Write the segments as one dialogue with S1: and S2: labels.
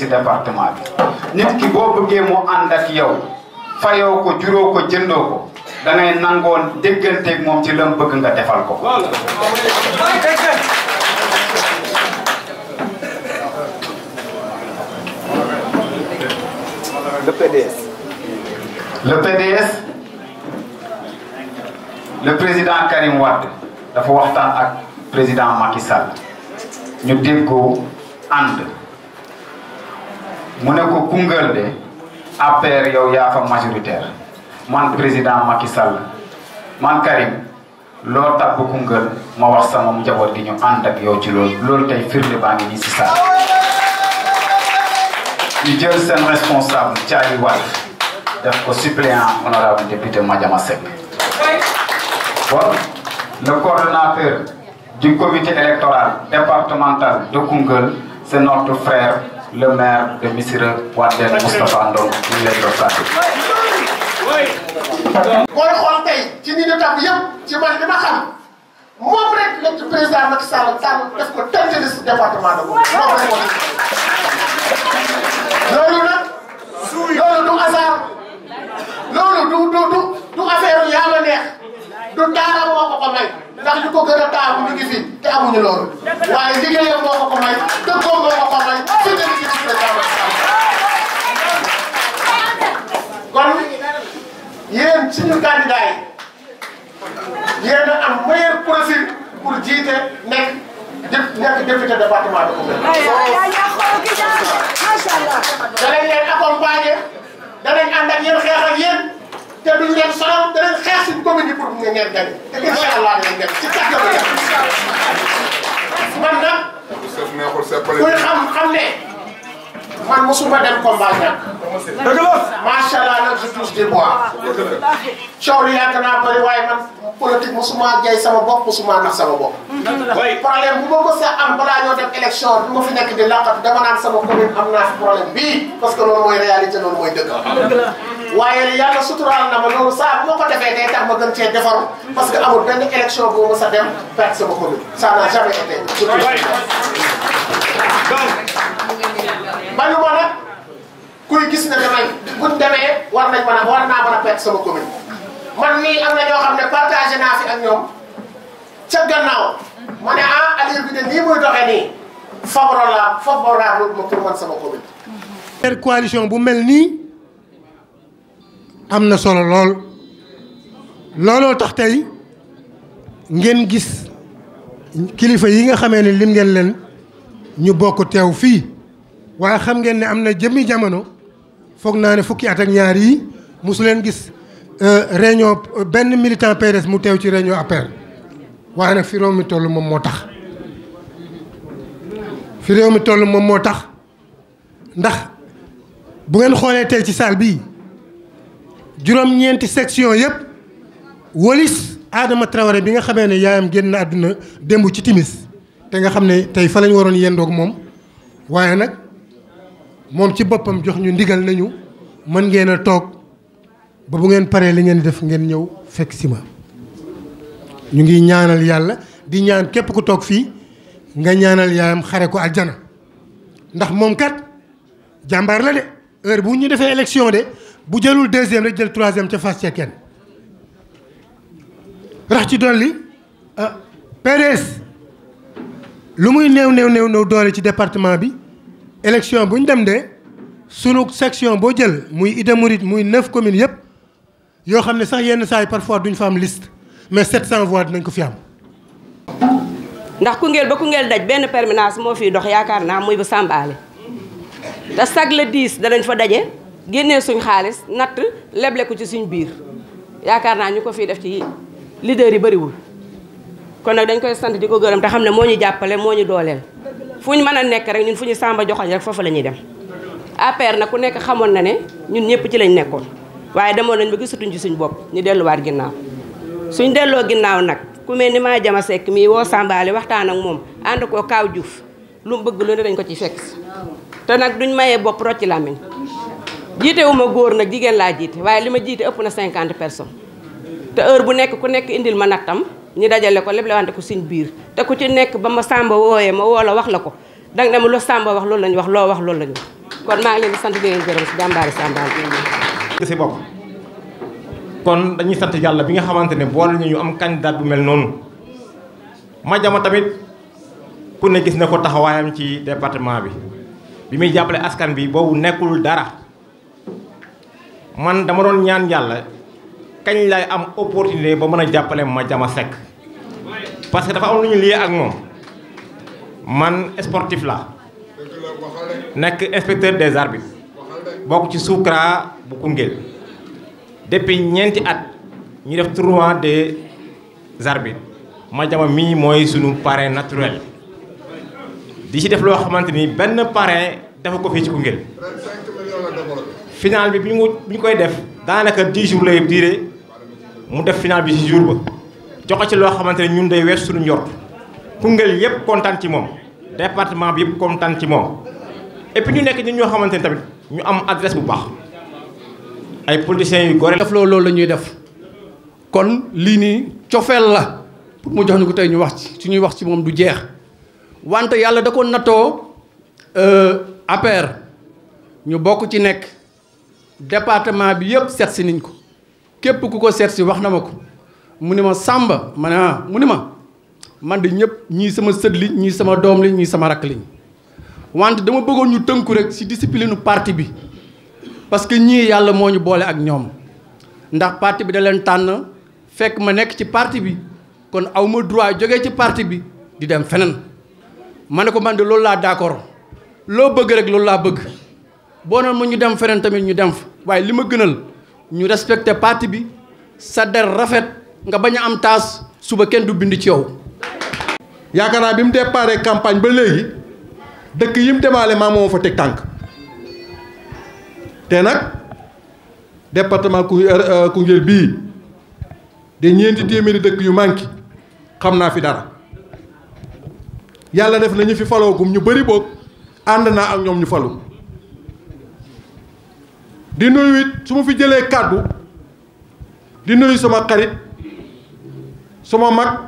S1: si département bi nit ki boo bëggee mu ànd ak yow fayoo ko juróo ko jëndoo ko da nangoon dégganteeg moom ci lam bëgg nga defal ko. le PDS. le PDS le président Karim Wade dafa waxtaan ak président Macky Sall ñu déggoo ànd. mu ne ko Koungheul de APR yow yaa fa man président Macky Sall man Karim loo tàbb Koungheul ma wax sama njaboot gi ñu ànd ak yow ci loolu loolu tey baa ngi nii si saa ñu seen responsable Thiali Wade def ko suppléant honorable député Madiama Seck bon le coordonnateur du comité électoral départemental de Koungheul c'est notre frère le maire de Missirah Wadène Moustapha Ndong ñu ngi lay doon sant.
S2: booy xool tey ci ni ñu tàmm yëpp ci man li ma xam moom rek la ci président Macky Sall tànn def ko tënk liste département de Mbour moom rek moo ci. loolu nag loolu du hasard loolu du du du du affaire yàlla neex du taara moo ko ko may. ndax ñu ko gën a taamu ñu ngi fi te amuñu loolu waaye liggéeyam moo ko ko may dëkkoom moo ko ko may kon yéen suñu candidat yi yéen a am meilleur profil pour jiite nekk jëf nekk député département de Koungheul. macha allah. danañ leen accompagner danañ ànd ak yéen xeex ak yéen te duñ leen sonal danañ xeex suñu commune yi pour ngeen ngeen gañ. te incha allah danañ dem ci kàddu gi. man nag. kuy xam xam ne. man mosuma dem combat ñàkk. dëgg la macha allah nag je touche du bois. dëgg la coow li yàgg naa bëri waaye man politique mosuma jay sama bopp mosuma nax sama bopp. way problème bu ma mos a am balaa ñoo dem élection bi ma fi nekk di laqatu dama naan sama commune am naa fi problème bii parce que loolu mooy réalité loolu mooy dëgg. waaye yàlla suturaal na ma loolu saa bu ma ko defee day tax ma gën cee defaru parce que amul benn élection boo mos a dem perte sama commune ça n'a jamais été. bañu ma kuy gis ne danañ buñ demee war nañ mën a war naa mën a perte sama commune man nii am na ñoo xam ne partagé naa fi ak ñoom ca gannaaw ma ne ah bi de nii muy doxee nii favorable favorable ma pour man sama commune.
S3: première coalition bu mel nii am na solo lool looloo tax tey ngeen gis kilifa yi nga xamee ne lim ngeen leen ñu bokk teew fii. waaye xam ngeen ne am na jëmmi jamono foog naa ne fukki at ak ñaar yi mosu leen gis euh, réunion euh, benn militant PDS mu teew ci réunion APR waaye nag fi réew mi toll moom moo tax fi mi toll moom moo tax ndax bu ngeen xoolee tey ci saal bii juróom-ñeenti section yëpp wolis aadama Traoré bi nga xamee ne yaayam génn àdduna démb ci timis te nga xam ne tey fa lañ waroon yendoog moom waaye nag moom ci boppam jox ñu ndigal nañu mën ngeen a toog ba bu ngeen paree li ngeen di def ngeen ñëw fekk si ma ñu ngi ñaanal yàlla di ñaan képp ku toog fii nga ñaanal yaayam xare ko ak jana ndax moom kat jàmbaar la de heure bu ñu defee élection de bu jëlul deuxième rek jël troisième ca fas ca kenn rax ci dolli ah, PDS lu muy néew néew néew néew doole ci département bi élection bu ñu dem de sunu section boo jël muy Ida Mouride muy neuf communes yëpp yoo xam ne sax yenn saa yi parfois duñu fa am liste mais 700 voix dinañ ko fi am.
S4: ndax Koungheul ba Koungheul daj benn permanence moo fiy dox yaakaar naa muy bu Sambale te sag la 10 danañ fa daje génnee suñ xaalis natt leble ko ci suñ biir yaakaar naa ñu ko fiy def ci
S5: leader yi bariwul
S4: kon nag dañ koy sant di ko gërëm te xam ne moo ñu jàppale moo ñu dooleel. fu ñu mën a nekk rek ñun fu ñu sàmba joxoñ rek foofu lañuy dem APR nag ku nekk xamoon na ne ñun ñëpp ci lañ nekkoon waaye demoon nañ ba gisatuñ ci suñ bopp ñu delluwaat ginnaaw suñ delloo ginnaaw nag ku mel ni maa jama sekk mii woo sàmbaale waxtaan ak moom ànd koo kaaw juuf lu mu bëgg lu ne dañ ko ci fekk te nag duñ mayee bopp rocci làmmiñ jiite wu góor nag jigéen laa jiite waaye li ma jiite ëpp na cinquante personnes te heure bu nekk ku nekk indil ma nattam ñu dajale ko lépp la wante ko suñ biir te ku ci nekk ba ma sàmba wooyee ma woo la wax la ko danga ne ma lu sàmba wax loolu lañu wax loo wax loolu lañu wax kon maa ngi leen sant di leen gërëm si jàmbaari sàmba
S6: si bopp kon dañuy sant yàlla bi nga xamante ne boole ñu am candidat bu mel noonu Madiama tamit ku ne gis na ko taxawaayam ci département bi bi muy jàppale askan bi boobu nekkul dara man dama doon ñaan yàlla kañ lay am opportunité ba mën a jàppale ma jama sekk parce que dafa am lu lii ak moom man sportif la nekk inspecteur des arbitres bokk ci Soukra bu Koungheul depuis ñeenti at ñu def tournoi des arbitres ma jama mii mooy sunu parrain naturel di ci def loo xamante ni benn parrain dafa ko fii ci Koungheul final bi bi ñu bi ñu koy def daanaka 10 jours lay duré mu def final bi si jour ba joxe ci loo xamante ne ñun day wees suñu njort Koungheul yëpp kontaan ci moom département bi yëpp kontaan ci moom épp ñu nekk ñun ñoo xamante ne tamit ñu am adresse bu baax ay politiciens yu gore def loolu la ñuy def kon lii nii cofeel la pour mu jox ñu
S1: ko tey ñu wax ci su ñuy wax ci moom du jeex wante yàlla da ko nattoo euh, APR ñu bokk ci nekk departement bi yëpp seet si niñ ko képp ku ko seet si wax na ma ko mu ne ma sàmba ma ne ah, mu ne ma man de ñëpp ñii sama sët li ñii sama doom li ñii sama rakk liñ wante dama bëggoon ñu tënku rek si discipline parti bi parce que ñii yàlla moo ñu boole ak ñoom ndax parti bi da leen tànn fekk ma nekk ci parti bi kon awma ma droit jógee ci parti bi di dem feneen ma ne ko man de loolu laa d'accord loo bëgg rek loolu laa bëgg boo noon ma ñu dem feneen tamit ñu dem fa waaye li ma gënal ñu
S7: respecté parti bi sa der rafet nga bañ a am taas suba kenn du bind ci yow. yaakaar naa bi mu déparé campagne ba léegi dëkk yi mu demaale maa moo fa teg tànk te nag département euh, euh, Koungheul bii de ñeenti téeméeri dëkk yu manqué xam naa fi dara yàlla def nañu fi faloogum ñu bëri boog ànd naa ak ñoom ñu falu. di nuyu it su ma fi jëlee kàddu di nuyu sama xarit sama mag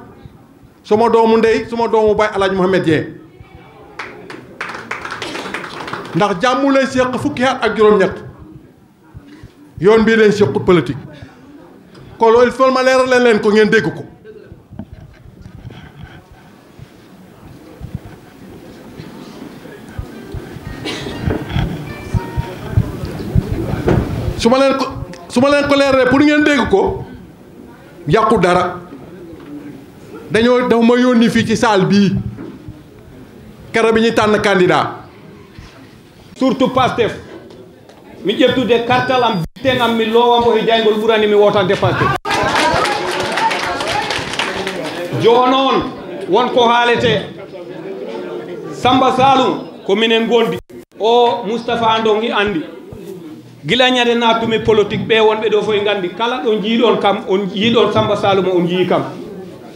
S7: sama doomu ndey sama doomu baay alaaj Mohamed Dieng ndax jàmm lañ séq fukki at ak juróom-ñett yoon bii lañ séqut politique kon loolu il faut ma leeral leen ko ngeen dégg ko su ma leen ko ma leen ko leeree pour ngeen dégg ko yàqu dara dañoo dafa ma yónni fii ci salle bii kere bi ñuy tànn candidat surtout Pastef mi ƴettude kartal am biten am mi loowambo
S5: he jayngol ɓurani mi wotande Pastef jo noon wonko haalete Samba Saloum ko minen gondi o Moustapha Andongi andi gila ñade natume politique ɓe wonɓe ɗo fof kala ɗo jiiɗon kam on jiiɗon samba saluma on jii kam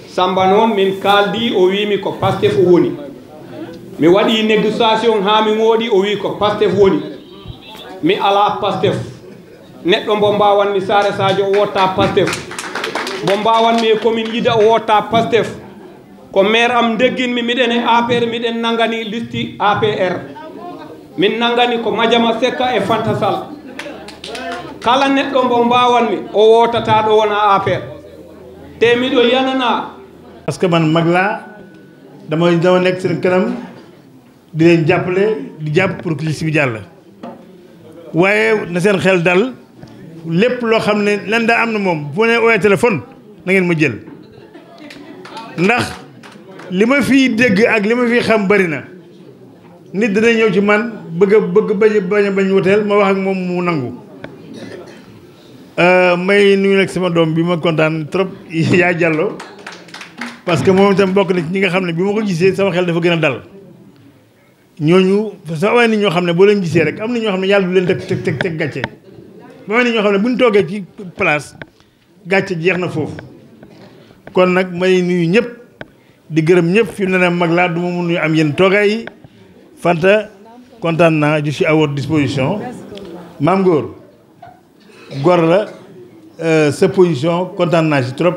S5: samba noon min kaldi o wimi ko pastef woni mi waɗi négociation ha mi gooɗi o wi ko pastef woni mi ala pastef neɗɗo mbo mbawanmi sare o wotta pastef mbo mbawanmi e commune yida o wotta pastef ko maire am degginmi miɗen e apr miɗen nanggani listi apr min nanggani ko majama sekka e fantasal kala neɗɗo mbo mbawanmi o wotata ɗo wona affaire te miɗo yanana
S8: parce que man mag laa dama dama nekk seen kanam di leen jàppale di jàpp pour que bi jàll waaye na seen xel dal lépp loo xam ne lan daa am na moom bu ne ooyee téléphone na ma jël ndax li ma fiy dégg ak li ma fiy xam bari na nit dana ñëw ci man bëgg bëgg bañ bañ a bañ woteel ma wax ak moom mu nangu Euh, may nuyu nag sama doom bi ma kontaan trop yaa jàllo parce que moom itam bokk na ci ñi nga xam ne bi ma ko gisee sama xel dafa gën a dal ñooñu sa way ni ñoo xam ne boo leen gisee rek am na ñoo xam ne yàlla du leen teg teg teg gàcce ba ñoo xam ne bu ñu toogee ci place gàcce jeex na foofu kon nag may nuyu ñëpp di gërëm ñëpp fi mu ne mag laa du ma mun am yenn toogaay yi Fanta kontaan naa je suis à disposition maam góor gor la euh, sa position kontaan naa ci trop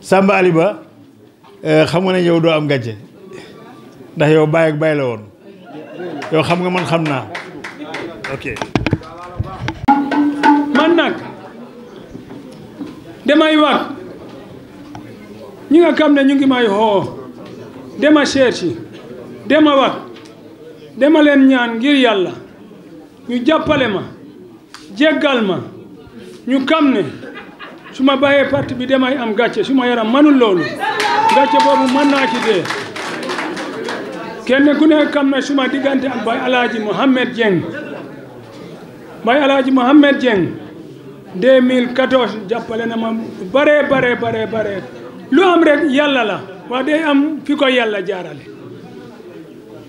S8: Samba Ali euh, xam nga ne yow doo am gàcce ndax yow bàyyi ak bàyyi la woon yow xam nga man xam naa ok.
S5: man nag damay wax ñi nga xam ne ñu ngi may xoo dama cherche dama wax dama leen ñaan ngir yàlla ñu jàppale ma jéggal ma. ñu xam ne su ma bàyyee parti bi demay am gàcce su ma yaram manul loolu gàcce boobu mën naa ci dee kenn ku ne xam ne su ma diggante ak Baye Alaaji Mohamed Dieng Baye Alaaji Mohamed Dieng 2014 jàppale na ma bare bare bare lu am rek yàlla la waa day am fi ko yàlla jaarale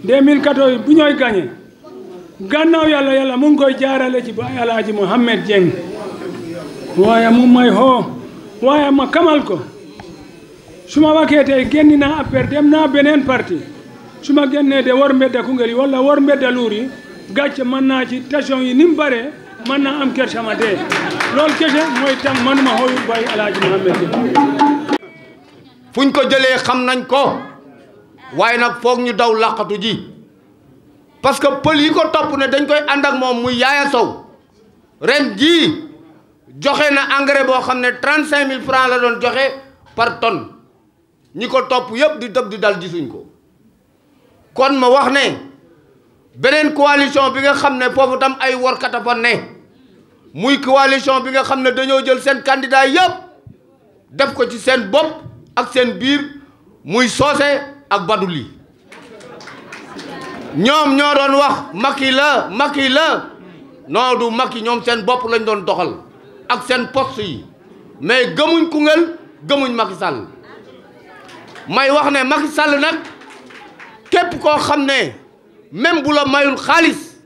S5: 2014 bu ñooy gagné gannaaw yàlla yàlla mu ngi koy jaarale ci Baye Alaaji Mohamed Dieng waaye mu may xoo waaye ma kamal ko su ma waxee tey génn naa affaire dem naa beneen parti su ma génnee de war mbedda Koungheul yi wala war mbedda Lour yi gàcce man naa ci tension yi ni mu bare mën naa am kër sama dee loolu kese mooy tam manuma xooyu bay Alaaji Mohamed fuñ ko jëlee xam nañ
S2: ko waaye nag foog ñu daw làqatu ji parce que pël yi ko topp ne dañ koy ànd ak moom muy yaaya sow ren ji joxe na engrais boo xam ne trente cinq mille francs la doon joxe par ton ñi ko topp yëpp di tëb di dal suñ ko kon ma wax ne beneen coalition bi nga xam ne foofu tam ay workat a fa ne muy coalition bi nga xam ne dañoo jël seen candidat yëpp def ko ci seen bopp ak seen biir muy soose ak baduli ñoom ñoo doon wax Macky la Macky la non du Macky ñoom seen bopp lañ doon doxal ak seen poste yi mais gëmuñ Koungheul gëmuñ Macky Sall may wax ne Macky Sall nag képp koo xam ne même bu la mayul xaalis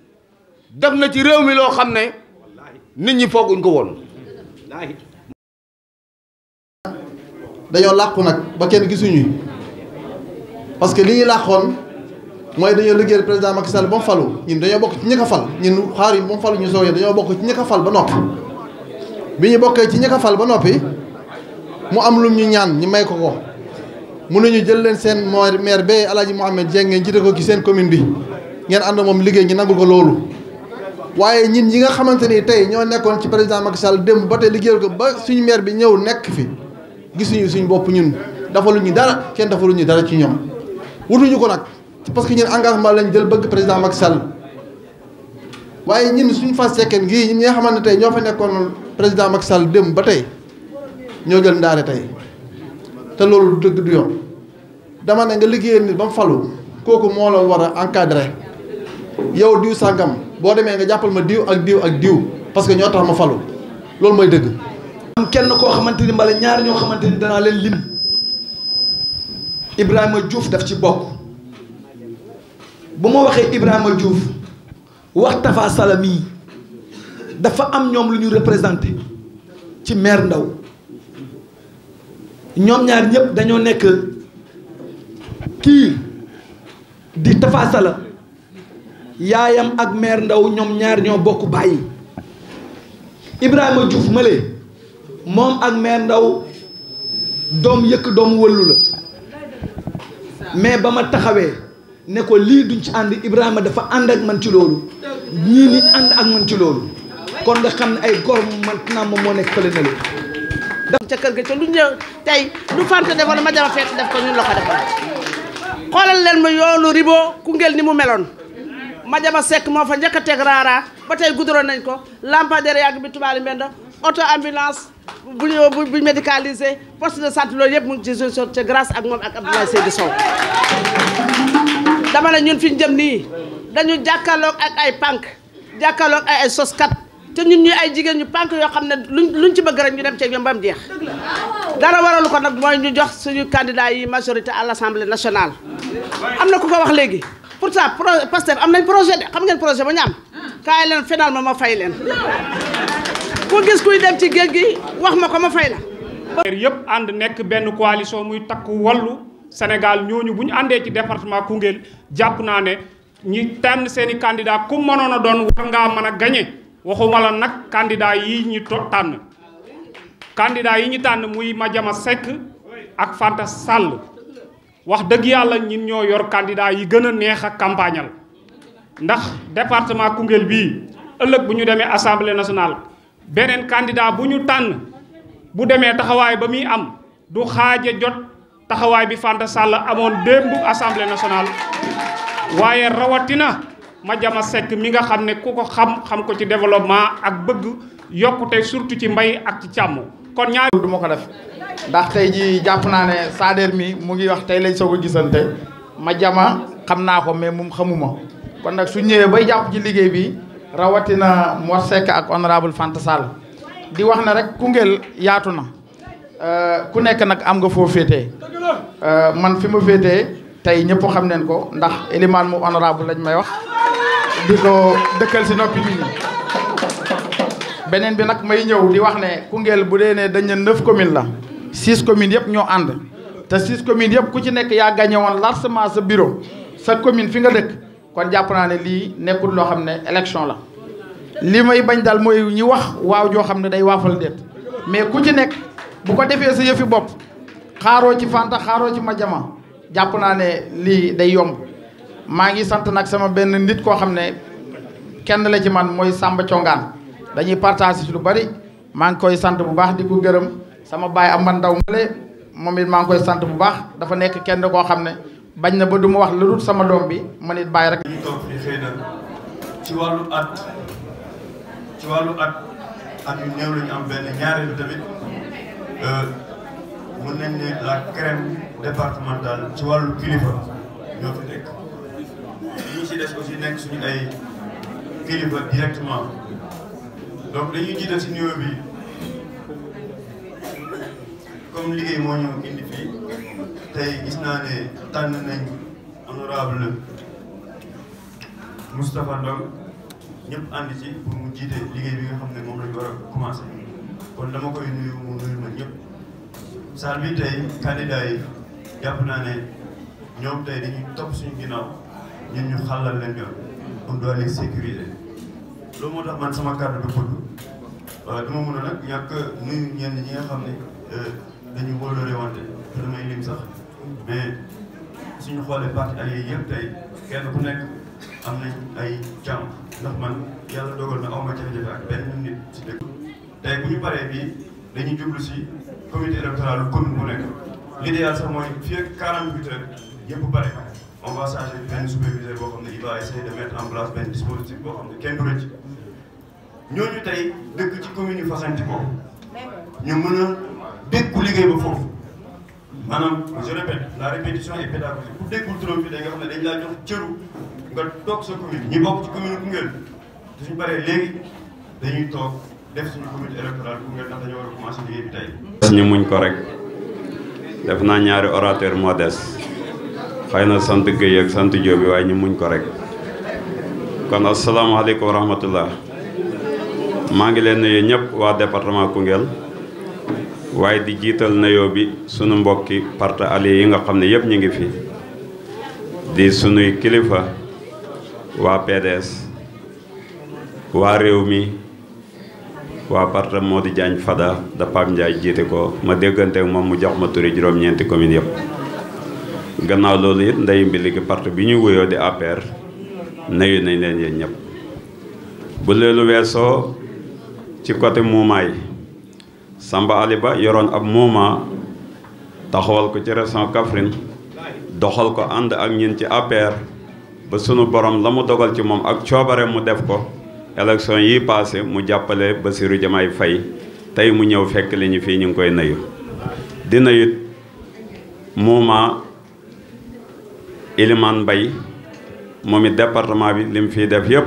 S2: def na ci réew mi loo xam ne nit ñi fooguñ ko woon.
S7: dañoo làqu nag ba kenn gisuñu parce que li ñu làqoon mooy dañoo liggéeyal président Macky Sall ba mu falu ñun dañoo bokk ci ñi ko fal ñun xaar yi ba mu falu ñu soogee dañoo bokk ci ñi ko fal ba nopp bi ñu bokkee ci ñi ko fal ba noppi mu am lu ñu ñaan ñu may ko ko mu ne ñu jël leen seen maire maire bee Alaaji Mouhamed Dieng ngeen jiite ko ci seen commune bi ngeen ànd moom liggéey ñi nangu ko loolu waaye ñin ñi nga xamante ni tey ñoo nekkoon ci président Macky Sall démb ba tey liggéeyal ko ba suñu maire bi ñëw nekk fi gisuñu suñu bopp ñun dafalu ñu dara kenn dafalu ñu dara ci ñoom wutuñu ko nag parce que ñun engagement lañ jël bëgg président Macky Sall waaye ñun suñu fas sekkeen gii ñi nga xamante tey ñoo fa nekkoon président Macky Sall démb ba tey ñoo jël ndaare tey te loolu dëgg du yoon dama ne nga liggéeya nit ba mu falu kooku moo la war a encadré yow diw sàngam boo demee nga jàppal ma diw ak diw ak diw parce que ñoo tax ma falu loolu mooy dëgg. am kenn koo xamante ni mbala ñaar ñoo xamante ni danaa leen lim
S1: Ibrahima Diouf daf ci bokk bu ma waxee Ibrahima Diouf. wax Tafa Salam yi dafa am ñoom lu ñu représenté ci maire ndaw ñoom ñaar ñëpp dañoo nekk kii di Tafa Salam yaayam ak maire ndaw ñoom ñaar ñoo bokk bàyyi Ibrahima Diouf Male moom ak maire ndaw doom yëkk doom wëllu la mais ba ma taxawee. ne lii duñ ci ànd Ibrahima dafa ànd ak man ci loolu ñii ni ànd ak man ci loolu kon nga xam ne ay góor maintenant moom moo nekk fële nelu da ca kër gi ca lu ñëw tey du fanta defoon ma jama fekk def ko ñun la ko defoon
S4: xoolal leen ma yoonu ribo Koungheul ni mu meloon ma jama sekk moo fa njëkk a teg raara ba tey gudroon nañ ko lampadaire yàgg bi tubaali mbenda auto ambulance bu bu médicalisé poste de santé loolu yëpp mu ngi ci gestion ci grâce ak moom ak Abdoulaye Seydou Sow dama ne ñun fi ñu jëm nii dañu jàkkaarloog ak ay pànk jàkkaarloog ay ay soskat te ñun ñuy ay jigéen ñu pànk yoo xam ne luñ luñ ci bëgg rek ñu dem ceeg ñoom ba mu jeex. dara waralu ko nag mooy ñu jox suñu candidat yi majorité à l' assemblée nationale. am na ku fa wax léegi pour pourtant pro Pastef am nañ projet de xam ngeen projet ba ñaam am kaay leen final ma ma fay leen ku gis kuy dem ci géej gi
S6: wax ma ko ma fay la. yëpp ànd nekk benn coalition muy takku wallu. Sénégal ñooñu bu ñu àndee ci département Koungheul jàpp naa ne ñi tànn seeni i candidat ku mënoon a doon war ngaa mën a gañe waxuma la nag candidat yi ñu tànn candidat yi ñu tànn muy Madiama Seck ak Fanta sàll wax dëgg yàlla ñun ñoo yor kandidaa yi gën a neex ak campagnal ndax departement Koungheul bii ëllëg bu ñu demee assemblée nationale beneen candidat bu ñu tànn bu demee taxawaay ba muy am du xaaja jot taxawaay bi Fanta Sall amoon démb assemblée nationale waaye rawatina ma jama sekk mi nga xam ne ku ko xam xam ko ci développement ak bëgg yokkute surtout ci mbay ak ci càmm kon ñaar du ma ko def ndax tey ji jàpp naa ne Sader mi mu ngi wax tey lañ
S1: soog a ma jama xam naa ko mais moom xamuma kon nag su ñëwee bay jàpp ci liggéey bi rawatina Mor Seck ak honorable Fanta Sall di wax na rek Koungheul yaatu na Euh, ku nekk nag am nga foo féetee euh, man fi ma féetee tey ñëpp xam neen ko ndax élimaan mu honorable lañ may wax di ko dëkkal si noppi nit ñi beneen bi nag may ñëw di wax ne Koungheul bu dee ne dañ ne neuf communes la six communes yëpp ñoo ànd te six communes yëpp ku ci nekk yaa gagné woon largement sa biro sa commune fi nga dëkk kon jàpp naa ne lii nekkul loo xam ne élection la lii may bañ daal mooy ñu wax waaw joo xam ne day waafal déet mais ku ci nekk bu ko defee sa yëfi bopp xaaroo ci Fanta xaaroo ci ma Madiama jàpp naa ne lii day yomb maa ngi sant nag sama benn nit koo xam ne kenn la ci man mooy sàmba Congaan dañuy partage ci lu bari maa ngi koy sant bu baax di ko gërëm sama baay am man ndaw male moom it maa ngi koy sant bu baax dafa nekk kenn koo xam ne bañ na ba du ma wax lu dul sama doom bi ma nit bàyyi rek.
S9: ñu Euh, mën nañ ne la crème départementale ci wàllu kilifa ñoo fi nekk ñi ci des aussi nekk suñu ay kilifa directement donc dañuy jiital si niveau bi comme liggéey moo ñu indi fii tey gis naa ne tànn nañ honorable Ndong ñëpp ànd ci pour mu jiite liggéey bi nga xam ne moom lañu war a kon dama koy nuyu mu nuyu ma ñëpp saal bi tey candidat jàpp naa ne ñoom tey dañuy topp suñu ginnaaw ñun ñu xàllal leen yoon on doit les sécuriser loolu moo tax man sama kàddu du gudd waaw duma mën a nag ñàkk nuyu ñenn ñi nga xam ne euh, dañu wóoloore wante te damay lim sax mais suñu xoolee parti allié yëpp tey kenn ku nekk am nañ ay jàmm ndax man yàlla dogal na awma jafe-jafe ak benn nit si dëkk léegi bu ñu paree bi dañuy jublu si comité électoral commune bu nekk l'idéal sax mooy fii ak 48 heures yëpp pare on va changer benn superviseur boo xam ne il va essayer de mettre en place benn dispositif boo xam ne kenn dëkk ci commune yu fasanti ko ñu mën a dékku liggéey ba foofu maanaam je répète la répétition est pédagogique ku déggul trop fi da nga xam ne dañ laa cëru nga toog sa commune ñi bokk ci commune Koungheul suñu paree léegi dañuy toog def suñu
S10: ko rek def naa ñaari orateur moo des xay na sant Guèye ak sant Diop bi waaye ñu muñ ko rek kon asalaamaaleykum wa rahmatullah maa ngi leen nuyu ñëpp waa département Koungheul waaye di jiital nuyoo bi sunu mbokki parti alliés yi nga xam ne yëpp ñu ngi fi di sunuy kilifa waa PDS waa réew mi. waa partam moo di Diagne Fada da Pape Ndiaye jiite ko ma déggante moom mu jox ma turi juróom-ñeenti commune yëpp gannaaw loolu ndeyum bi mbiligi parti bi ñu wuyoo di APR nayu nañ leen yéen ñëpp bu leelu weesoo ci côté mouvement yi Samba Ali Ba yoroon ab mouvement taxawal ko ci région Kaffrine doxal ko ànd ak ñin ci APR ba sunu borom la mu dogal ci moom ak coobare mu def ko élection yi passé mu jàppale Bassirou Diomaye fay tey mu ñëw fekk li ñu fii ñu ngi koy nuyu di nuyu mooma Ilimane bay moom it département bi li fi def yëpp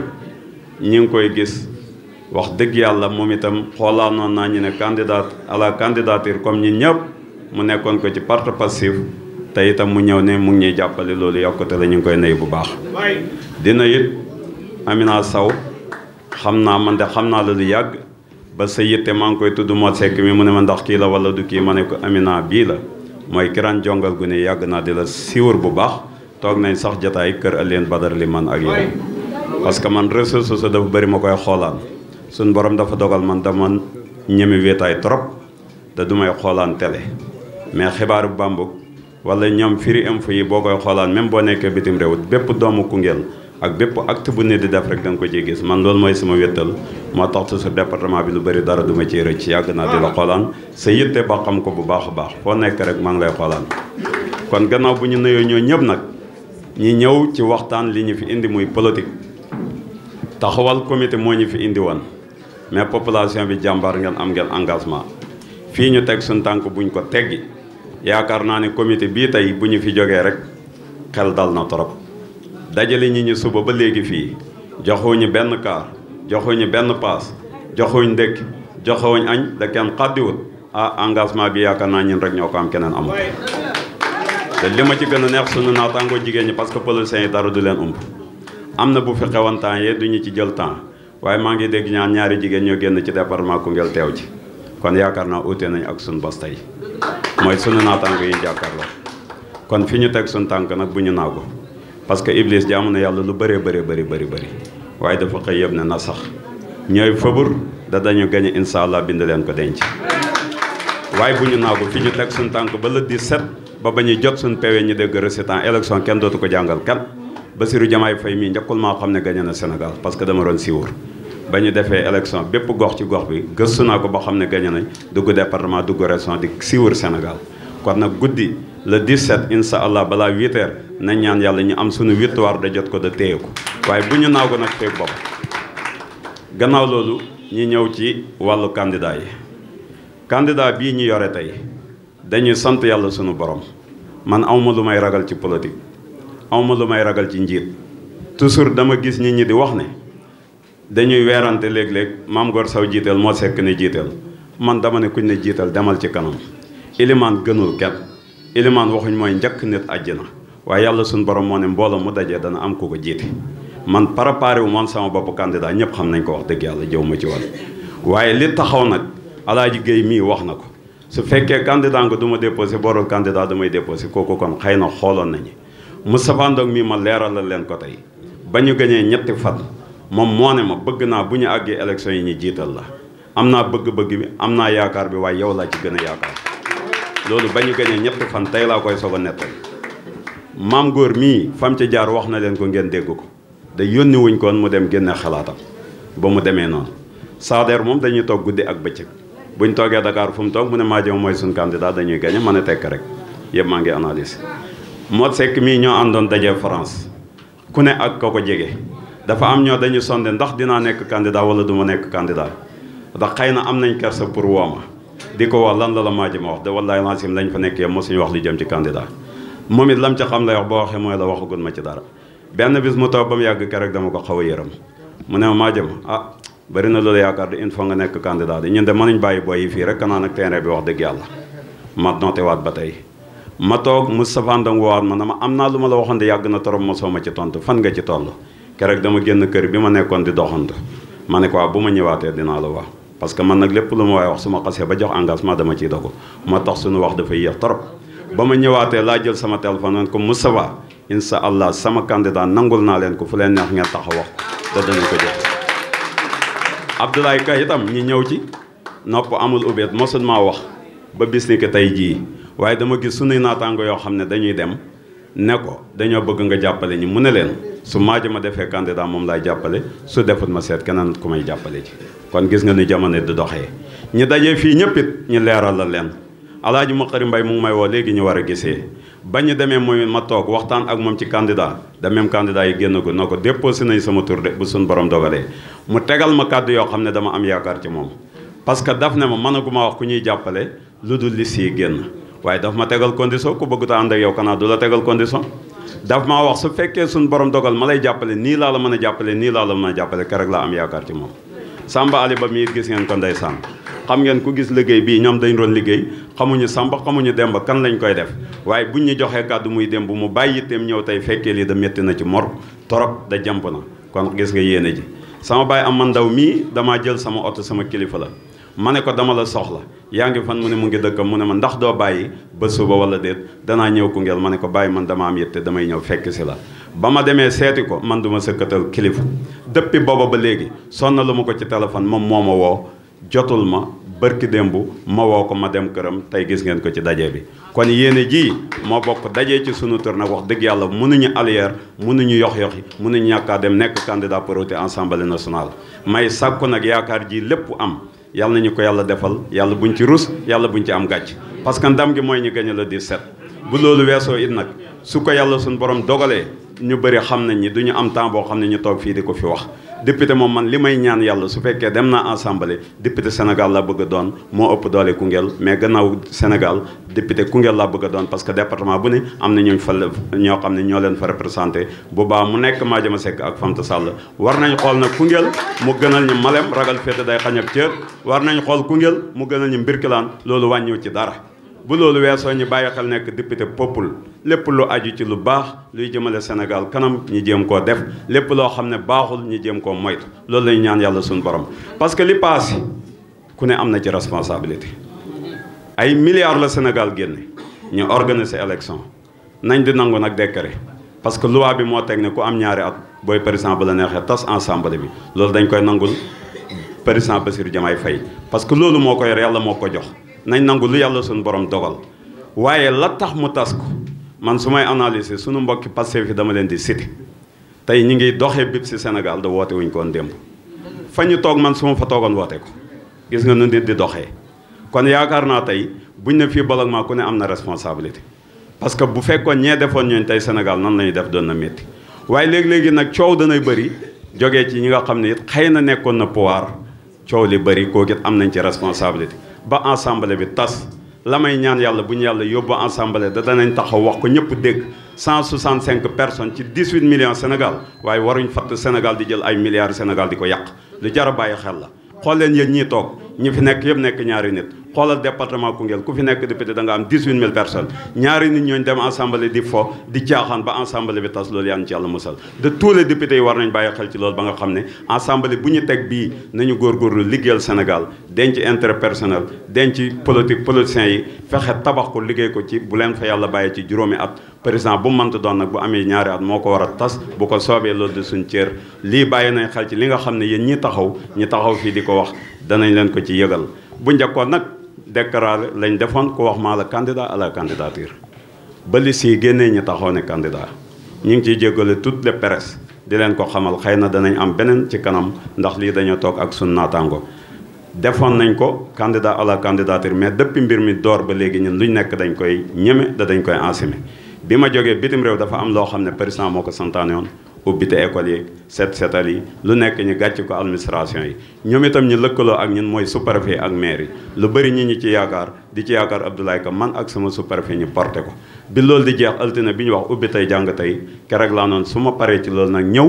S10: ñu ngi koy gis wax dëgg yàlla moom itam xoolaanoon naa ñu ne candidat à la comme ñi ñëpp mu nekkoon ko ci parti passif te itam mu ñëw ne mu ngi ñuy jàppale loolu yokkute la ñu ngi koy nuyu bu baax dina it Amina Sow xam naa man de xam naa la lu yàgg ba sa yitte maa ngi koy tudd moo sekk mi mu ne ma ndax kii la wala du kii ma ne ko Amina bii la mooy Kiran Jongal gu ne yàgg naa di la siiwar bu baax toog nañ sax jataay kër Alioune Badara li man ak yéen parce que man réseaux sociaux dafa bëri ma koy xoolaan suñ borom dafa dogal man dama ñemi wéetaay trop te du may xoolaan télé mais xibaaru Bambuk wala ñoom firi info yi boo koy xoolaan même boo nekkee bitim réew bépp doomu Koungheul ak bépp acte bu ne di def rek da nga ko ciy gis man loolu mooy sama wétal moo tax toujours département bi lu bëri dara du ma ciy rëcc yàgg naa di la ah. xoolaan sa yitte ba xam ko bu baax a baax foo nekk rek maa lay xoolaan kon gannaaw bu ñu nuyoo ñoo ñëpp nag ñi ñëw ci waxtaan li ñu fi indi muy politique taxawal comité moo ñu fi indi woon mais population bi jàmbaar ngeen am ngeen engagement fii ñu teg suñ tànk buñ ko teggi yaakaar naa ne comité bii tey bu ñu fi jógee rek xel na trop dajale ñi ñu suba ba léegi fii joxuñu benn kaar joxuñu benn paas joxuñ ndékki joxuñ añ da kenn xàddiwul a ah, engagement bi yaakaar naa ñun rek ñoo ko am keneen amul te li ma ci gën a neex sunu naataangoo jigéen ñi parce que politiciens yi dara du leen umb am na bu fi xewoon temps yee du ñu ci jël temps waaye maa ngi dégg ñaan ñaari jigéen ñoo génn ci département Koungheul teew ci kon yaakaar naa uute nañ ak sunu bos tey mooy sunu naataangoo yi jàkkaarloo kon fi ñu teg sunu tànk nag bu ñu naagu parce que Iblis jaamu yàlla lu bëree bëri bëri bëri bëri waaye dafa xëy yëpp ne na sax ñooy fëbur da dañu gañe incha allah bind leen ko denc waaye bu ñu naagu fi ñu teg suñu tànk ba le 17 ba ba ñuy jot suñu pewee ñu dégg récitant élection kenn dootu ko jàngal kan Bassirou Diomaye fay mii njëkkul maa xam ne gañe na Sénégal parce que dama doon siiwur ba ñu defee élection bépp gox ci gox bi gëstu naa ko ba xam ne gañe nañ dugg département dugg région di siiwur Sénégal kon nag guddi le 17 incha allah balaa 8 heures nañ ñaan yàlla ñu am suñu victoire da jot ko da téye ko waaye bu ñu naaw nag teg bopp gannaaw loolu ñi ñëw ci wàllu candidat yi candidat bii ñu yore tey dañuy sant yàlla sunu borom man awma lu may ragal ci politique awma lu may ragal ci njiit toujours dama gis nit ñi di wax ne dañuy weerante léeg-léeg maam Gor Saw jiital moo sekk ne jiital man dama ne kuñ ne jiital demal ci kanam ilimaan gënul ket ilimaan waxuñ mooy njëkk nit àjjana waaye yàlla suñu borom moo ne mbooloo mu dajee dana am ku ko jiite man préparé wu moon sama bopp candidat ñëpp xam nañ ko wax dëgg yàlla jëw ma ci wàll waaye li taxaw nag alaaji Géey mii wax na ko su fekkee candidat nga du ma déposé borul candidat damay déposé kooku kon xay na xooloon nañu Moustapha Ndong mii ma leeral leeralal leen ko tey ba ñu gañee ñetti fan moom moo ne ma bëgg naa bu ñu àggee élection yi ñu jiital la am naa bëgg-bëgg bi am naa yaakaar bi waaye yow laa ci gën a yaakaar loolu ba ñu gañee ñetti fan tey laa koy soog a nettali maam góor mii fam ca jaar wax na leen ko ngeen dégg ko da yónni wuñ koon mu dem génne xalaatam ba mu demee noonu saadeer moom dañuy toog guddi ak bëccëg ñu toogee dakaar fu mu toog mu ne maa jëm mooy suñ candidat dañuy gañe mën a tekk rek yëpp maa ngi analyse moo sekk mii ñoo àndoon daje France ku ne ak ko ko jege dafa am ñoo dañu sonde ndax dinaa nekk candidat wala du ma nekk candidat ndax xëy na am nañ kersa pour wooma di ko wax lan la la maa ma wax de wallaay lancim lañ fa nekkee mosuñu wax lu jëm ci candidat moom it lam ca xam la wax boo waxee mooy la waxagut ma ci dara benn bis mu toog ba mu yàgg keroog dama ko xaw a yëram mu ne ma maa jëm ah bari na loolu yaakaar di une fois nga nekk candidat di ñun de mënuñ bàyyi boy yi fii rek kanaan ak terrain bi wax dëgg yàlla ma noote waat ba tey ma toog Moustapha Ndong waat ma ne ma am naa lu ma la waxoon de yàgg na torop ma soo ma ci tontu fan nga ci toll keroog dama génn kër bi ma nekkoon di doxantu ma ne ko ah, bu ma ñëwaatee dinaa la wax parce que man nag lépp lu ma waaye wax su ma xasee ba jox engagement dama ciy dogu moo tax suñu wax dafay yéex trop ba ma ñëwaatee laa jël sama téléphone leen ko Moustapha incha allah sama candidat nangul naa leen ko fu leen neex ngeen taxaw wax ko te danañ ko jox Abdoulaye Ka itam ñi ñëw ci nopp amul ubbeet mosul maa wax ba bis ni que tey jii waaye dama gis suñuy naataango yoo xam ne dañuy dem ne ko dañoo bëgg nga jàppale ñi mu ne leen su maaj ma defee candidat moom laay jàppale su defut ma seet keneen ku jàppale ci kon gis nga ni jamono di doxee ñu daje fii ñëpp it ñu leeral la leen ma Maxari Mbay mu ngi may woo léegi ñu war a gisee ba ñu demee mooy ma toog waxtaan ak moom ci candidat de même candidat yi génn ko na ko déposé nañ sama tur de bu suñ borom dogalee mu tegal ma kàddu yoo xam ne dama am yaakaar ci moom parce que daf ne ma mënaguma wax ku ñuy jàppale lu dul li yi génn waaye daf ma tegal condition ku bëgg ta ànd ak yow kanaa du la tegal condition daf maa wax su fekkee suñ borom dogal ma jàppale nii laa la mën a jàppale nii laa a jàppale keroog laa am yaakaar ci moom Samba Ali ba miir gis ngeen ko ndeysaan xam ngeen ku gis liggéey bii ñoom dañ doon liggéey xamuñu Samba xamuñu dem ba kan lañ koy def waaye bu ñu joxee kàddu muy dem démb mu bàyyi yitteem ñëw tey fekkee lii da métti na ci mor torop da jàmp na kon gis nga yéene ji sama baay am man ndaw mii damaa jël sama oto sama kilifa la ma ne ko dama la soxla yaa ngi fan mu ne mu ngi dëkkam mu ne ma ndax doo bàyyi ba suba wala déet danaa ñëw ku Koungheul ma ne ko bàyyi man dama am yitte damay ñëw fekk si la ba ma demee seeti ko man duma sëkkatal kilifa depuis booba ba léegi sonnalu ma ko ci téléphone moom moo ma woo jotul ma bërki démb ma woo ko ma dem këram tey gis ngeen ko ci daje bi kon yéene ji moo bokk dajee ci sunu tur nag wax dëgg yàlla mënuñu allier mënuñu yox-yoxi mënuñu ñàkkaa dem nekk candidat poroti assemblée nationale may sàkku nag yaakaar jii lépp am yàlla nañu ko yàlla defal yàlla buñ ci rus yàlla bu ñu ci am gàcc parce que ndam gi mooy ñu gañe la 17 bu loolu weesoo it nag su ko yàlla suñu borom dogalee ñu bëri xam nañ ñi du ñu am temps boo xam ne ñu toog fii di ko fi wax député moom man li may ñaan yàlla su fekkee dem naa assemblée député Sénégal laa bëgg a doon moo ëpp doole Koungheul mais gannaaw Sénégal député Koungheul laa bëgg doon parce que département bu ne am na ñu fa ñoo xam ne ñoo leen fa représenté bu baa mu nekk Madiama Seck ak Fanta Sall war nañ xool nag Koungheul mu gënal ñu Malem ragal féete day xañ ak cër war nañ xool Koungheul mu gënal ñu Mbirkilaan loolu wàññiw ci dara bu loolu weer soo ñu bàyyi xel nekk député poppul lépp lu aju ci lu baax luy jëmale Sénégal kanam ñu jéem koo def lépp loo xam ne baaxul ñu jéem koo moytu loolu lañu ñaan yàlla suñu borom parce que li paase ku ne am na ci responsabilité ay milliards la Sénégal génne ñu organiser élection nañ di nangu nag décret parce que loi bi moo teg ne ku am ñaari at booy président ba la neexee tas ensemble bi loolu dañ koy nangul président Bassirou Diomaye Faye parce que loolu moo koy yàlla moo ko jox nañ nangu lu yàlla suñu borom dogal waaye la tax mu tas ko man su may analyser suñu mbokki Pastef yi dama leen di cité tey ñu ngi doxee bip si Sénégal da woote wuñ koon démb fa ñu toog man su ma fa toogoon woote ko gis nga nu nit di doxee kon yaakaar naa tey buñ ne fii balak maa ku ne am na responsabilité parce que bu fekkoon ñee defoon ñooñ tey Sénégal nan la def doon na métti waaye léegi-léegi nag coow danay bëri jógee ci ñi nga xam ne it xëy na nekkoon na pouvoir coow li bëri kooku am nañ ci responsabilité ba assemblée bi tas la may ñaan yàlla bu ñu yàlla yóbbu assemblée da danañ taxaw wax ko ñëpp dégg 165 personnes ci 18 millions Sénégal waaye waruñ fatt Sénégal di jël ay milliards Sénégal di ko yàq lu jar bàyyi xel la xool leen yéen ñii toog ñi fi nekk yëpp nekk ñaari nit xoolal département Koungheul ku fi nekk député da nga am 18000 personnes ñaari nit ñooñu dem assemblée di fo di caaxaan ba assemblée bi tas loolu yaan ci yàlla musal de tous les députés yi war nañ bàyyi xel ci loolu ba nga xam ne assemblée bu ñu teg bii nañu góorgóorlu liggéeyal Sénégal denc intérêt personnel denc politique politiciens yi fexe tabax ko liggéey ko ci bu leen fa yàlla bàyyi ci juróomi at président bu mënta doon nag bu amee ñaari at moo ko war a tas bu ko soobee loolu de suñ cër lii bàyyi nañ xel ci nga xam ne yéen ñi taxaw ñi taxaw fii di ko wax danañ leen ko ci yëgal déclaré lañ defoon ku wax maa la candidat à la candidature ba liste yi génnee ñi taxaw ne candidat ñu ngi ciy jéggale toutes les presse di leen ko xamal xëy na danañ am beneen ci kanam ndax lii dañoo toog ak sun naataango defoon nañ ko candidat à la mais depuis mbir mi door ba léegi ñun ñu nekk dañ koy ñeme da dañ koy ensemer bi ma jógee bitim réew dafa am loo xam ne président moo ko santaane woon ubbite école yi set setal yi lu nekk ñu gàcc ko administration yi ñoom itam ñu lëkkaloo ak ñun mooy sous-préfet ak maire yi lu bëri ñi ñu ci yaakaar di ci yaakaar Abdoulaye Ka man ak sama sous ñu porté ko bi loolu di jeex altine bi ñu wax ubbi tey jàng tey keroog laa noonu su ma paree ci loolu nag ñëw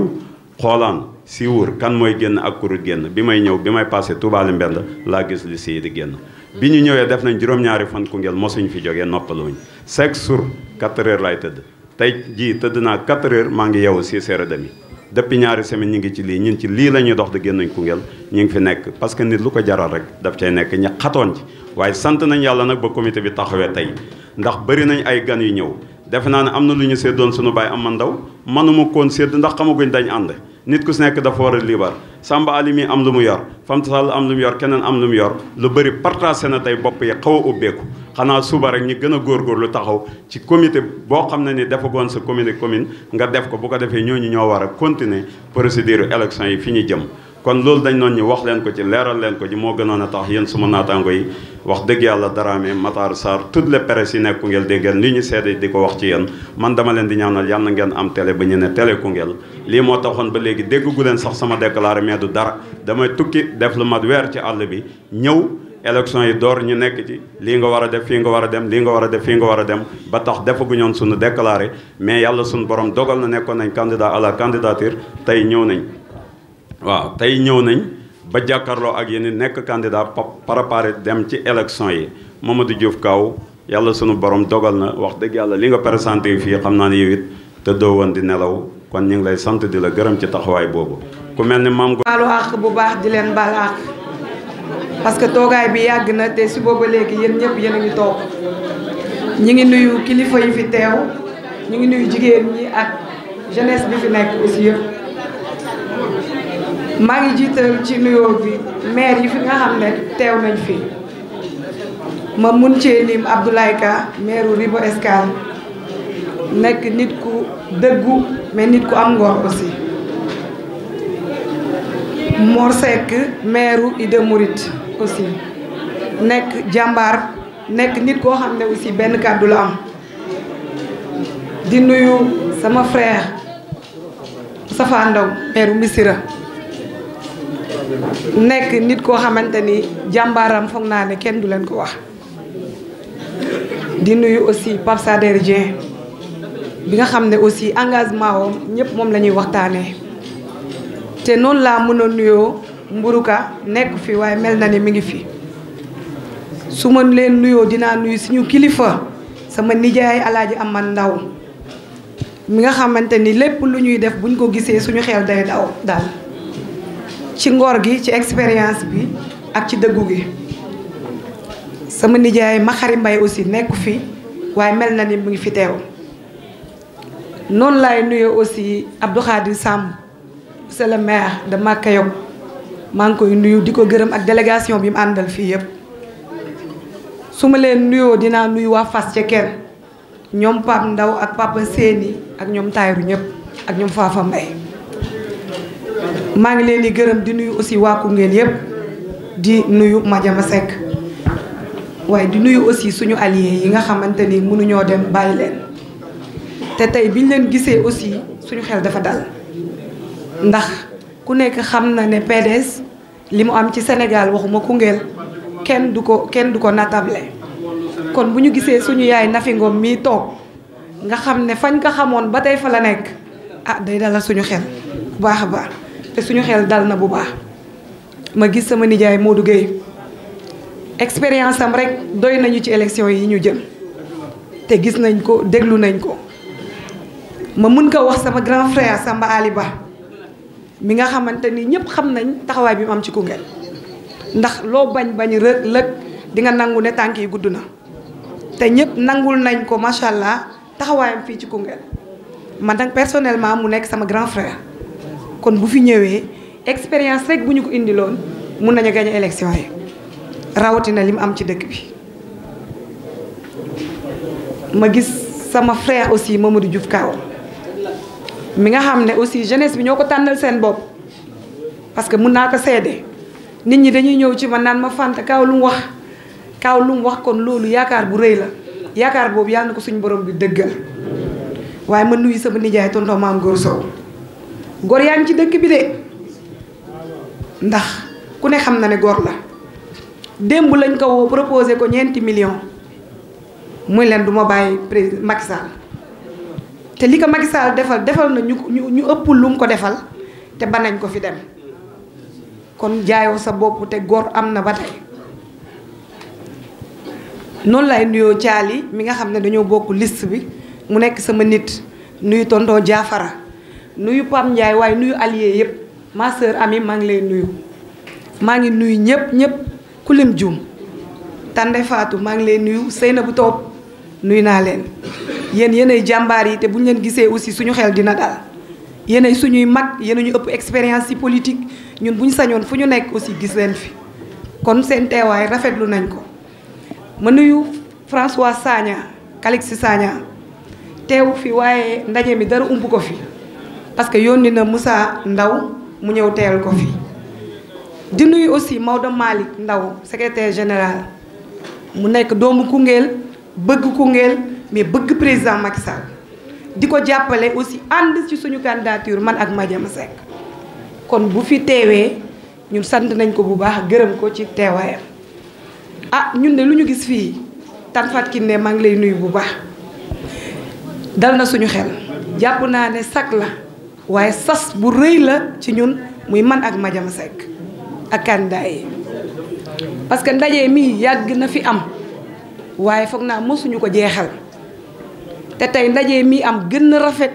S10: xoolaan si wur kan mooy génn ak kurut génn bi may ñëw bi may passé tubaali mbend laa gis li si di génn bi ñu ñëwee def nañ juróom-ñaari fan Koungheul mosuñ fi jógee noppaluuñ chaque jour 4 heures lay tëdd tey jii tëdd naa 4 heures maa ngi yow 6 heures et demi depuis ñaari semaine ñi ngi ci lii ñun ci lii lañuy ñuy dox di génnañ Koungheul ñu ngi fi nekk parce que nit lu ko jaral rek daf cay nekk ña xatoon ci waaye sant nañ yàlla nag ba comité bi taxawee tey ndax bari nañ ay gan yu ñëw defe naa ne am na lu ñu seddoon suñu baay am ma ndaw manuma koon sédd ndax xamaguñ dañu ànd nit ku si nekk dafa war a liibar Samba Ali mi am lu mu yor Fam Sall am lu mu yor keneen am lu mu yor lu bëri partagé na tey bopp xaw a ubbeeku xanaa suba rek ñu gën a lu taxaw ci comité boo xam ne ni defagoon sa comité commune nga def ko bu ko defee ñooñu ñoo war a continuer procédure élection yi fi ñu jëm kon loolu dañ noon ñu wax leen ko ci leeral leen ko ci moo gënoon a tax yéen suma naataango yi wax dëgg yàlla Dramé Matar saar toutes les presse yi nekk Koungheul dégg ngeen li ñu seede di ko wax ci yéen man dama leen di ñaanal yàlla na ngeen am télé ba ñu ne télé Koungheul lii moo taxoon ba léegi dégg gu leen sax sama déclaré mais du dara damay tukki def lu mat weer ci àll bi ñëw élection yi door ñu nekk ci lii nga war a def fi nga war a dem lii nga war a def fii nga war a dem ba tax defaguñoon suñu déclaré mais yàlla suñu borom dogal na nekkoon nañ candidat à la candidature tey ñëw nañ waaw tey ñëw nañ ba jàkkaarloo ak yéen nekk candidat préparé dem ci élection yi moom di Diouf Kaw yàlla sunu borom dogal na wax dëgg yàlla li nga présenté fii xam naa ne yow it te doo woon di nelaw kon ñu ngi lay sant di la gërëm ci taxawaay boobu ku mel ni maam. baalu
S11: baax di leen baal parce que toogaay bi yàgg na te si booba léegi yéen ñëpp yéen a ngi toog ñi ngi nuyu kilifa yi fi teew ñu ngi nuyu jigéen ñi ak jeunesse bi fi nekk aussi yëpp maa ngi jiital ci nuyoo bi maire yi fi nga xam ne teew nañ fi ma mun cee lim Abdoulaye Ka Ribo Escale nekk nit ku dëggu mais nit ku am ngor aussi Mor Seck maire Ida aussi nekk jàmbaar nekk nit koo xam ne aussi benn kàddu la am di nuyu sama frère Moustapha Ndaw maire Missira nekk nit koo xamante ni jàmbaaram foog naa ne kenn du leen ko wax di nuyu aussi Pape Sader bi nga xam ne aussi engagement woom ñëpp moom la ñuy waxtaanee te noonu laa mën a nuyoo ka nekk fii waaye mel na ni mi ngi fi su ma leen nuyoo dinaa nuyu suñu kilifa sama nijaay alaaji aman ndaw mi nga xamante ni lépp lu ñuy def buñ ko gisee suñu xel day daw daal ci ngoor gi ci expérience bi ak ci dëggu gi sama nijaay Maxari Mbay aussi nekk fii waaye mel na ni mu ngi fi teew noonu laay nuyoo aussi Abdou Khadir Samb monsieur le maire de Maka Yop maa ngi koy nuyu di ko gërëm ak délégation bi mu àndal fii yëpp su ma leen nuyoo dinaa nuyu waa fas ca kër ñoom Pape Ndaw ak Papa Séni ak ñoom Tayru ñëpp ak ñoom Fafa mbay maa ngi leen di gërëm di nuyu aussi waa Koungheul yëpp di nuyu Madiama Seck waaye di nuyu aussi suñu alliés yi nga xamante ni mënuñoo dem bàyyi leen te tey biñ leen gisee aussi suñu xel dafa dal ndax bu nekk xam na ne PDS li mu am ci senegal waxuma Koungheul kenn du ko kenn du ko natable kon bu ñu gisee suñu yaay Nafi Ngom mii toog nga xam ne fañ ko xamoon ba tey fa la nekk ah day dalal suñu xel bu baax a baax te suñu xel dal na bu baax ma gis sama nijaay Modou Gueye expérience am rek doy nañu ci élection yi ñu jëm te gis nañ ko déglu nañ ko ma mën ko wax sama grand frère Samba Ali Ba mi nga xamante ni ñëpp xam nañ taxawaay bi mu am ci Koungheul ndax loo bañ bañ rëg lëg di nga nangu ne tànk yi gudd na te ñëpp nangul nañ ko macha allah taxawaayam fii ci Koungheul man nag personnellement mu nekk sama grand frère kon bu fi ñëwee expérience rek bu ñu ko indiloon mun nañu gañe élection yi rawatina li mu am ci dëkk bi ma gis sama frère aussi moom ma di Diouf Kaaw mi nga xam ne aussi jeunesse bi ñoo ko tànnal seen bopp parce que mun naa ko seede nit ñi dañuy ñëw ci man naan ma Fanta Kaaw lu mu wax Kaaw lu mu wax kon loolu yaakaar bu rëy la yaakaar boobu yàlla na ko suñu borom bi dëggal waaye ma nuyu sama nijaay tonton maam Góor Sow góor yaa ngi ci dëkk bi de ndax ku ne xam na ne góor la démb lañ ko woo ko ñeenti million muy leen du ma bàyyi président Macky Sall te li ko Macky Sall defal defal na ñu ñu ëpp lu mu ko defal te banañ nañ ko fi dem kon jaayoo sa bopp te góor am na ba tey noonu lay nuyoo Thialy mi nga xam ne dañoo bokk list bi mu nekk sama nit nuyu tonton Diafara nuyu Pam Ndiaye waaye nuyu allié yëpp ma Ami maa ngi lay nuyu maa ngi nuyu ñëpp ñëpp ku lim juum Tande maa ngi lay nuyu na bu toog nuyu naa leen yéen yéenay jàmbaar yi te bu ñu leen gisee aussi suñu xel dina dal yéenay suñuy mag yéena ñu ëpp expérience ci politique ñun bu ñu sañoon fu ñu nekk aussi gis leen fi kon seen teewaay rafetlu nañ ko ma nuyu François Sagna Calixte saaña teew fi waaye ndaje mi dara ump ko fi parce que yónni na Moussa Ndaw mu ñëw teel ko fi di nuyu aussi Maodo Malick Ndaw secretaire général mu nekk doomu Koungheul bëgg Koungheul mais bëgg président Macky Sall di ko jàppale aussi ànd ci suñu candidature man ak Madiama sekk kon bu fi teewee ñun sant nañ ko bu baax gërëm ko ci teewaayam ah ñun ne lu ñu gis fii Tan ki Kiné maa ngi lay nuyu bu baax dal na suñu xel jàpp naa ne sag la waaye sas bu rëy la ci ñun muy man ak Madiama Seck ak candidat yi parce que ndaje mi yàgg na fi am waaye foog naa mosuñu ko jeexal te tey ndaje mi am gën a rafet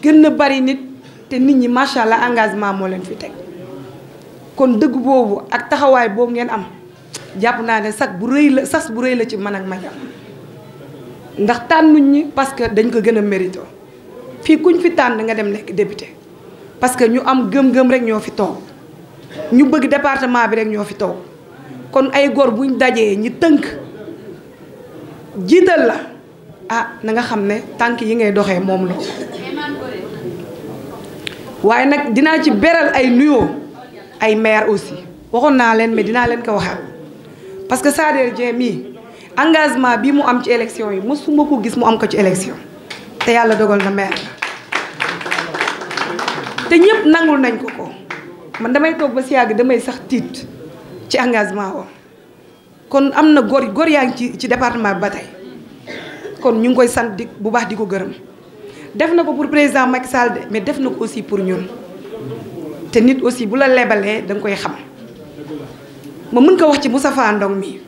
S11: gën a bari nit te nit ñi macha allah engagement moo leen fi teg kon dëgg boobu ak taxawaay boobu ngeen am jàpp naa ne sax bu rëy la sas bu rëy la ci mën ak Madiam ndax tànnuñ ñi parce que dañ ko gën a mérito fii kuñ fi tànn nga dem nekk député parce que ñu am gëm-gëm rek ñoo fi toog ñu bëgg département bi rek ñoo fi toog kon ay góor buñ dajee ñi tënk jiital la ah na nga xam ne tànk yi ngay doxee moom la waaye nag dinaa ci beral ay nuyoo ay maire aussi waxoon naa leen mais dinaa leen ko waxaat parce que Sader Dieng mii engagement bi mu am ci élection yi mësuma ko gis mu am ko ci élection te yàlla dogal na maire te ñëpp nangul nañ ko ko man damay toog ba si yàgg damay sax tiit ci engagement woon kon am na góor góor yaa ngi ci ci département bi ba tey kon ñu ngi koy sant di bu baax di ko gërëm def na ko pour président Macky Sall de mais def na ko aussi pour ñun te nit aussi bu la lebalee da nga koy xam ma mën ko wax ci Moustapha Ndong mi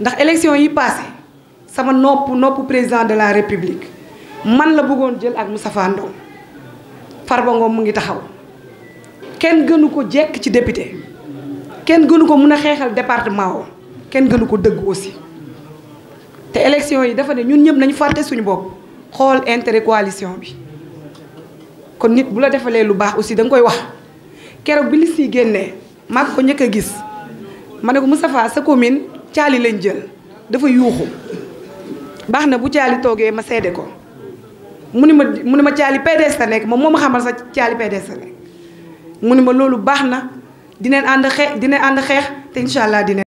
S11: ndax élection yi passé sama nopp nopp président de la république man la bëggoon jël ak Moustapha Ndong Farba Ngom mu ngi taxaw kenn gënu ko jekk ci député kenn gënu ko mun a xeexal département o kenn gënu ko dëggu aussi te élection yi dafa ne ñun ñëpp nañu fàtte suñu bopp xool intérêt coalition bi kon nit bu la defalee lu baax aussi da koy wax keroog bi liste yi génnee maa ko njëkk a gis ma ne ko Moustapha sa commune caali lañ jël dafa yuuxu baax na bu caali toogee ma seede ko mu ni ma mu ni ma caali PDS la nekk moom moo ma xamal sa caali PDS la nekk mu ne ma loolu baax na dinañ ànd xeex dina ànd xeex te incha allah